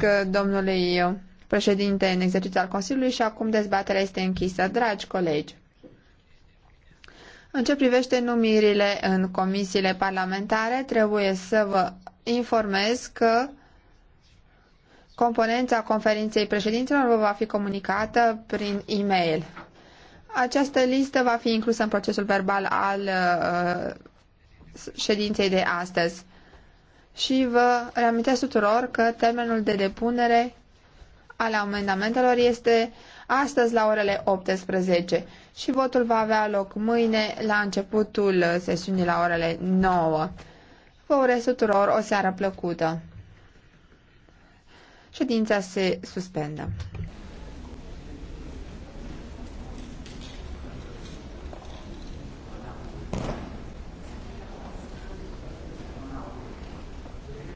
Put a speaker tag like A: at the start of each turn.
A: Mulțumesc domnului președinte în exercițiu al Consiliului și acum dezbaterea este închisă. Dragi colegi, în ce privește numirile în comisiile parlamentare, trebuie să vă informez că componența conferinței președinților vă va fi comunicată prin e-mail. Această listă va fi inclusă în procesul verbal al uh, ședinței de astăzi și vă reamintesc tuturor că termenul de depunere al amendamentelor este astăzi la orele 18 și votul va avea loc mâine la începutul sesiunii la orele 9. Vă urez tuturor o seară plăcută. Ședința se suspendă.